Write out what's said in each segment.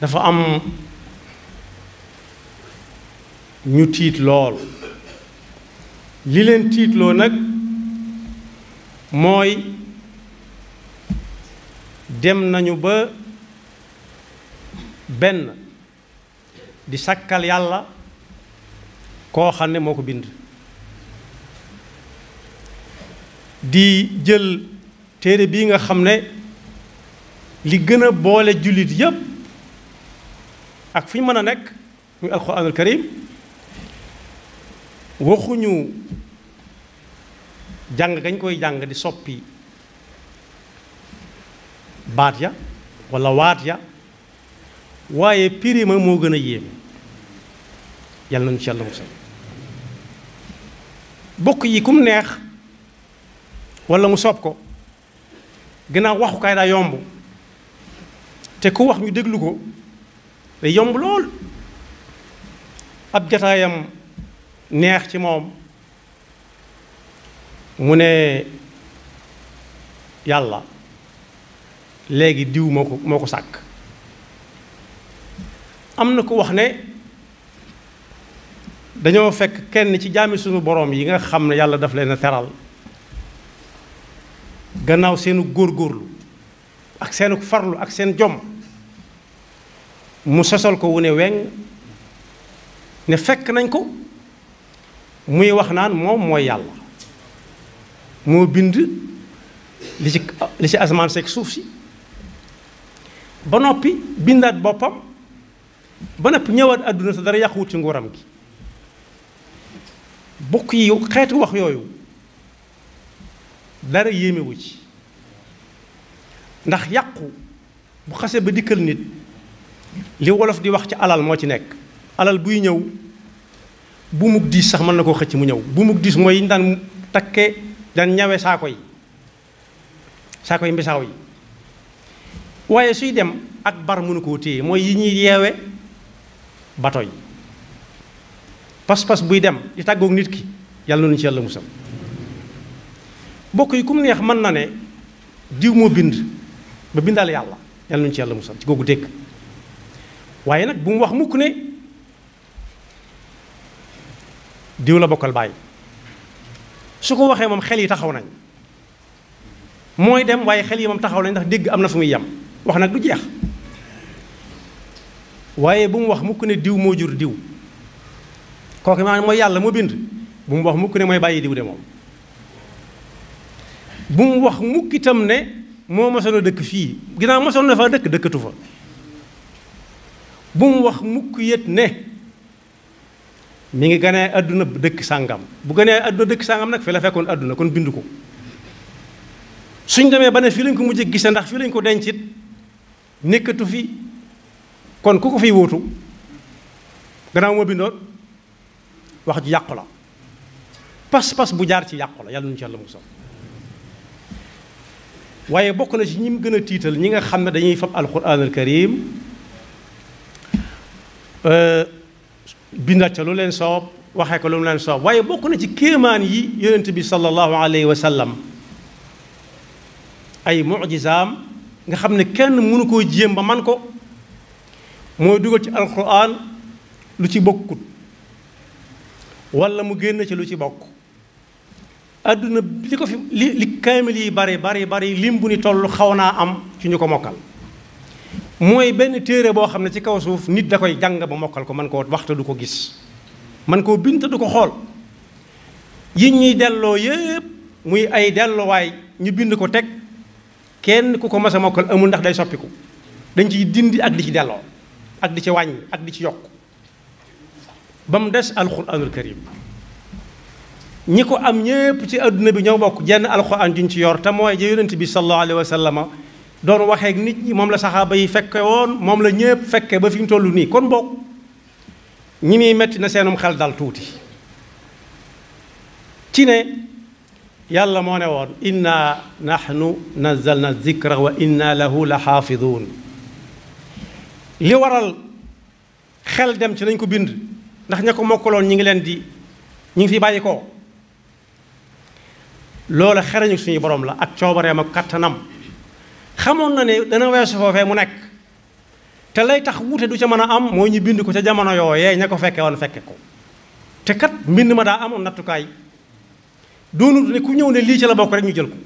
dafa am ñu tiit lool li leen tiitloo nag mooy dem nañu ba benn di sakkal yàlla koo xam ne moo ko bind di jël téere bi nga xam ne li gën a boole jullit yépp ak fi ñu mën a nekk muy alxuraanul karim waxuñu jàng gañ koy jàng di soppi baat ya walla waat ya waaye pirima moo gën a yéem yàlla nañu ci yàlla musal bokk yi kum neex walla mu soob ko gannaaw waxukaay daa yomb te ku wax ñu déglu ko day yomb lool ab jataayam neex ci moom mu ne yàlla léegi diw moo ko moo ko sàkk am na ku wax ne dañoo fekk kenn ci jaami sunu boroom yi nga xam ne yàlla daf leen a teral gannaaw seenu góorgóorlu ak seenu farlu ak seen jomm mu sosal ko wu ne weng ne fekk nañ ko muy wax naan moom mooy yàlla moo bind li ci li asamaan seeg suuf si ba noppi bindaat boppam ba noppi ñëwaat àdduna sa dara yàquwut ci nguuram gi bukk yi xeetu wax yooyu dara yéemewu ci ndax yàqu bu xase ba dikkal nit li wolof di wax ci alal moo ci nekk alal buy ñëw bu mug diis sax mën na koo xëcc mu ñëw bu mug diis mooy daan takke daan ñawe saako yi saako yi mbisaaw yi waaye suy dem ak bar mënu koo téye mooy yi ñuy yeewe bato yi pas-pas buy dem di tàggoog nit ki yàlla noonu ci yàlla musal bokk yi ku mu neex mën na ne diw moo bind ba bindaal yàlla yàlla noonu ci yàlla musal ci googu dëkk waaye nag bu mu wax mukk ne diw la bokkal bàyyi su ko waxee moom xel yi taxaw nañ mooy dem waaye xel yi moom taxaw nañ ndax dégg am na fu muy yem wax nag du jeex waaye bu mu wax mukk ne diw moo jur diw kooku maanaam moo yàlla moo bind bu mu wax mukk ne mooy bàyyi diw de moom bu mu wax mukk itam ne moo mosoon a dëkk fii ginnaaw mosoon na fa dëkk dëkkatu fa bu mu wax mukk yët ne mu ngi ganee àdduna dëkk sàngam bu ganee àdduna dëkk sàngam nag fi la fekkoon àdduna kon bind ko suñ demee ba ne fii lañ ko mujjee gise ndax fii lañ ko dencit nekkatu fi kon ku ko fi wóotu gannaaw moo bindoon wax ji yàqu la pas-pas bu jaar ci yàqu la yàlla nu ci yàlla musal waaye bokk na ci ñi mu gën a tiital ñi nga xam ne dañuy fab alquran al karim Euh, bindaat ca lu leen soob waxee ko lu leen soob waaye bokk na ci kéemaan yi yonent bi sallallahu alayhi wa sallam ay mujizaam nga xam ne kenn mënu koo jéem ba man ko mooy dugal ci alquran lu ci bokkut wala mu génn ci lu ci bokk àdduna li ko fi li li kaamil yi bari bari bari lim bu ni toll xaw naa am ci ñu ko mokkal mooy benn téere boo xam ne ci kaw suuf nit da koy jàng ba mokkal ko man koo waxta du ko gis man koo bind du ko xool yi ñuy delloo yépp muy ay delluwaay ñu bind ko teg kenn ku ko mas mokkal amul ndax day soppiku dañ ciy dindi ak di ci delloo ak di ci wàññi ak di ci yokk ba mu des alxuraanul karim ñi ko am ñépp ci àdduna bi ñoo bokk jenn alxuraan juñ ci yor te mooy ja yonent bi sallallahu alayhi wa doon waxee nit ñi moom la saxaaba yi fekke woon moom la ñëpp fekke ba fi mu toll nii kon bokk ñi muy metti na seenum xel dal tuuti ci ne yàlla moo ne woon inna nahnu nazzalna zikra wa inna lahu la xaafiduun li xel dem ci nañ ko bind ndax ña ko mokkaloon ñi ngi leen di ñi ngi fi bàyyi ko loola xereñu suñu boroom la ak coobareem ak kattanam xamoon na ne dana weesu foofee mu nekk te lay tax wuute du ca mën a am mooy ñu bind ko ca jamono yooyee ña ko fekke woon fekke ko te kat mbind ma daa amoon nattukaay doonut ne ku ñëw ne lii ci la bokk rek ñu jël ko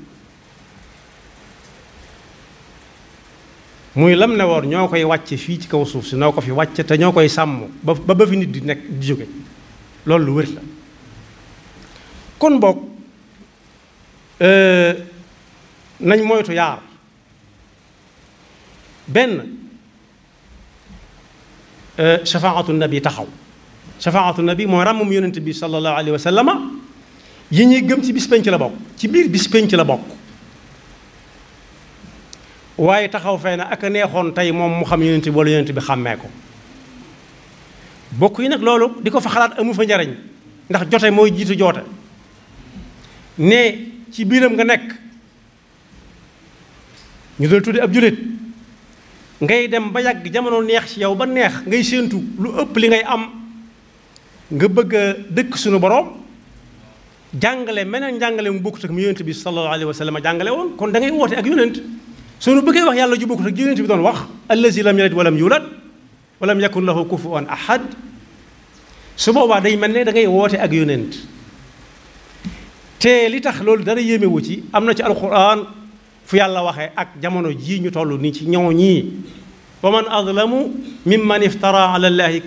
muy lam ne woon ñoo koy wàcce fii ci kaw suuf si noo ko fi wàcce te ñoo koy sàmm ba ba fi nit di nekk di jóge loolu lu wér la kon boog euh, nañ moytu yaar benn euh, shafaatu nabi taxaw shafaatu nabi mooy ràmmum yonant bi sallallahu alayhi wa sallama yi ñuy gëm ci bis penc la bokk ci biir bis penc la bokk waaye taxaw fee na ak a neexoon tey moom mu xam yonent bi wala yonent bi xàmmee ko bokk yi nag loolu di ko fa xalaat amu fa njariñ ndax jote mooy jiitu joote ne ci biiram nga nekk ñu dal tuddi ab jullit ngay dem ba yàgg jamono neex ci yow ba neex ngay séentu lu ëpp li ngay am nga bëgg a dëkk suñu borom jàngale meneen jàngale mu bokkut ak mu yonent bi sallallahu alayhi wa sallam jàngale woon kon dangay woote ak yonent suñu bëggee wax yàlla ju bokkut ak yonent bi doon wax la allazi lam yalid walam yulad walam ko lahu kufuwan ahad su boobaa day mel ne dangay ngay woote ak yonent te li tax loolu dara yéemewu ci am na ci alquran fu yàlla waxee ak jamono jii ñu toll ni ci ñoo ñii wa man azlamu mimman iftara ala llahi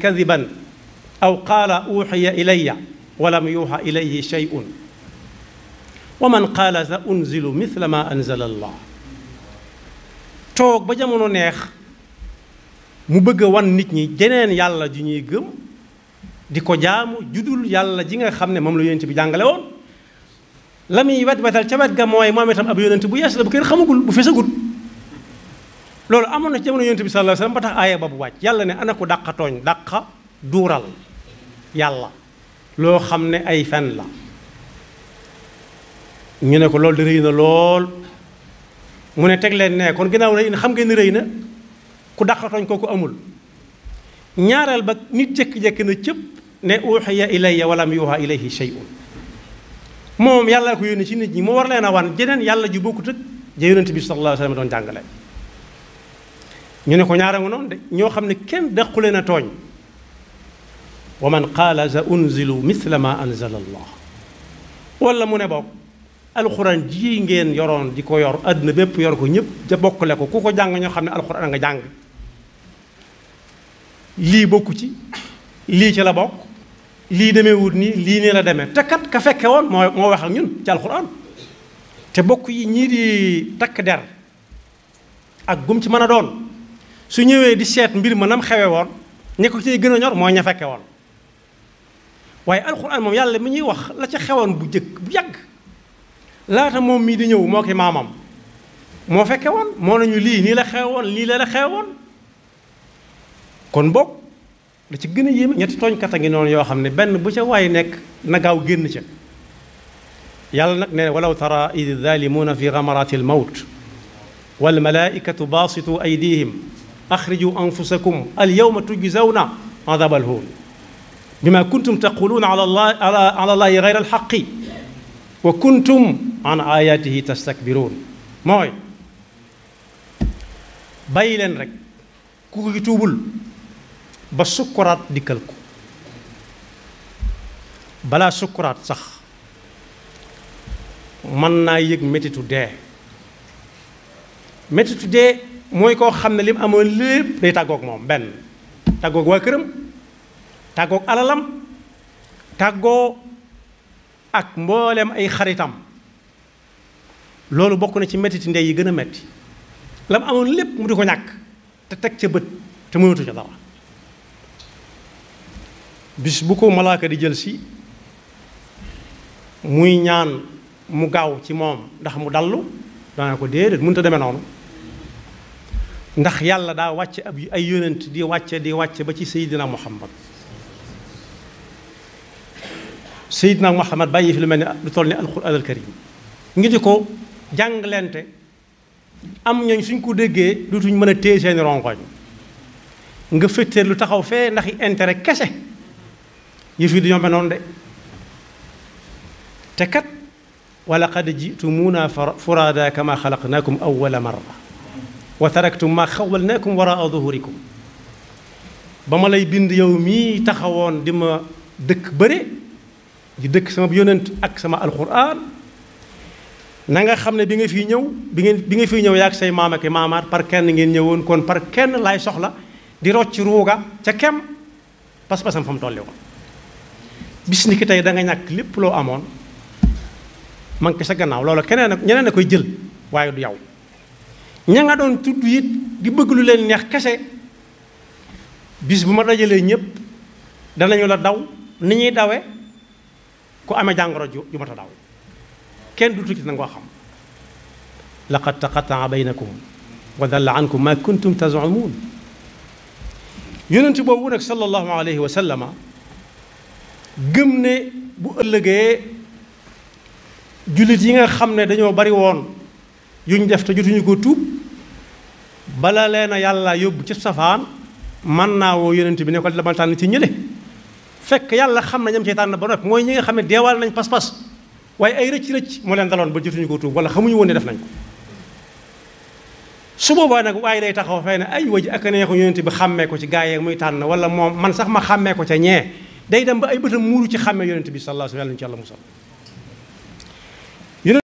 aw qaala uxiya ilaya wa lam yuxa ilayhi shay'un wa man qaala sa unzilu mithla ma anzala allah toog ba jamono neex mu bëgg wan nit ñi jeneen yàlla ju ñuy gëm di ko jaamu judul yàlla ji nga xam ne moom la yonent bi jàngale woon la muy wet wetal ca wet ga mooy moom itam ab yonent bu yees la bu kenn xamagul bu fesagul loolu amoon na ci jamono yonent bi sallallahu alayhi wasallam ba tax aaya ba bu wàcc yàlla ne ana ko dàqa tooñ dàqa duural yàlla loo xam ne ay fen la ñu ne ko loolu di rëy na lool mu ne teg leen ne kon ginnaaw rëy na xam ngeen ni rëy na ku dàqa tooñ kooku amul ñaareel ba nit jékki-jékki na cëpp ne uxiya ilayya walam yuuxa ilayhi shay'un moom yàlla ko yónni ci nit ñi moo war leen a wan jeneen yàlla ju bokkut ak ja yonent bi sallallahu alayhi wa sallam doon jàngale ñu ne ko ñaara nga noonu de ñoo xam ne kenn daqu leen a tooñ wa man qaala sa unzilu misla ma anzala allah wala mu ne bokk alxuraan ji ngeen yoroon di ko yor àddina bépp yor ko ñëpp da bokkule ko ku ko jàng ñoo xam ne alxuraan nga jàng lii bokku ci lii ci la bokk lii demee wut nii lii nii la demee te kat ka fekke woon moo moo wax ak ñun ci alxuraan te bokk yi ñii di takk der ak gum ci mën a doon su ñëwee di seet mbir ma nam xewe woon ñi ko ciy gën a ñor mooy ña fekke woon waaye alxuraan moom yàlla mi ñuy wax la ca xewoon bu jëkk bu yàgg laata moom mii di ñëw moo ki maamam moo fekke woon moo nañu lii nii la xewe woon lii la la xewe woon kon bokk la ci gën a yéeme ñetti tooñkat a ngi noonu yoo xam ne benn bu ca waay nekk na gaaw génn ca yàlla nag nee walaw tara id zaalimuuna fi gamarati al mawt walmalaikatu baasitu aydihim axriju anfusakum al yawma tujzawna adab al huun bima kuntum taquluuna ala allah ala allahi gayra al xaqi wa kuntum an ayatihi tastakbiruun mooy bàyyi leen rek ku ko tuubul ba sukkuraat dikkal ko balaa sukkuraat sax mën naa yëg métitu dee métitu dee mooy koo xam ne li mu amoon lépp day tàggoog moom benn tàggoog waa këram tàggoog alalam tàggoo ak mbooleem ay xaritam loolu bokk na ci métiti ndey yi gën a metti la mu amoon lépp mu di ko ñàkk te teg ca bët te mënatuñu dara bis bu ko malaaka di jël si muy ñaan mu gaaw ci moom ndax mu dallu dana ko déedéet mënut a demee noonu ndax yàlla daa wàcce ab ay yonent di wàcce di wàcce ba ci Seydina Muhammad Seydina Muhammad bàyyi fi lu mel ni lu toll ni alquran alkarim ngi di ko jànglente am ñooñ suñ ko déggee dutuñ mën a téye seeni rongoñ nga féeteer lu taxaw fee ndax i intérêt kese yëf yi du ñoom noonu de te kat wala qad jitumuna furada kama xalaqnaakum awwala marra wa taraktum ma xawalnaakum waraa duhurikum ba ma lay bind yow mii taxawoon di ma dëkk bëre di dëkk sama yonent ak sama alquran na nga xam ne bi nga fiy ñëw bi ngeen bi nga fiy ñëw ak say maam ak maamaat par kenn ngeen ñëwoon kon par kenn laay soxla di rocc ruuga ca kem pas-pasam fa mu tolli woon bis ni ki tey da nga ñàkk lépp loo amoon manqué sa gannaaw loolu keneen ak ñeneen a koy jël waaye du yow ña nga doon tudd it di bëgg lu leen neex kese bis bu ma dajalee ñëpp danañu la daw ni ñuy dawe ku amee jàngoro ju ju mat daw kenn du tukki na nga xam laqad taqataa baynakum wa la ankum ma kuntum tazamuun yonent boobu nag sallallahu alayhi wa sallama gëm ne bu ëllëgee jullit yi nga xam ne dañoo bari woon yuñ def te jotuñu ko tuub bala leena yàlla yóbbu ci safaan man naa woo yonent bi nekk ko dama tànn ci ñële fekk yàlla xam na ñam ci tànn ba noppi mooy ñi nga xam ne deewaal nañ pas-pas waaye ay rëcc rëcc moo leen daloon ba jotuñu ko tuub wala xamuñu woon ne def nañ ko su boobaa nag waaye day taxaw fay ne ay waji ak neexu yonent bi xàmmee ko ci gaa yeeg muy tànn wala moom man sax ma xàmmee ko ca ñee day dem ba ay bëtam muuru ci xàmmee yonent bi sallallahu alayhi wa sallam ci